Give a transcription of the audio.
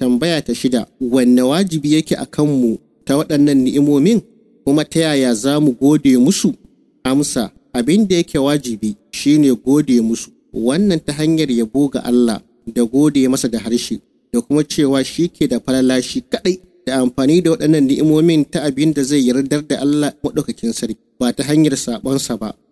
Tambaya ta shida, wanne wajibi yake a kanmu ta waɗannan ni'imomin kuma ta yaya za mu gode musu? Amsa, abin da yake wajibi shine gode musu, wannan ta hanyar yabo ga Allah da gode masa da harshe, da kuma cewa shi ke da falalashi kaɗai da amfani da waɗannan ni'imomin ta abin da zai yardar da Allah maɗaukakin sarki, ba ta hanyar saɓonsa ba.